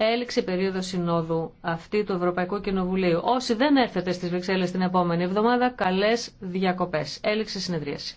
έληξε η περίοδο συνόδου αυτή του Ευρωπαϊκού Κοινοβουλίου. Όσοι δεν έρθετε στις Βρυξέλλες την επόμενη εβδομάδα, καλές διακοπές. Έληξε συνεδρίαση.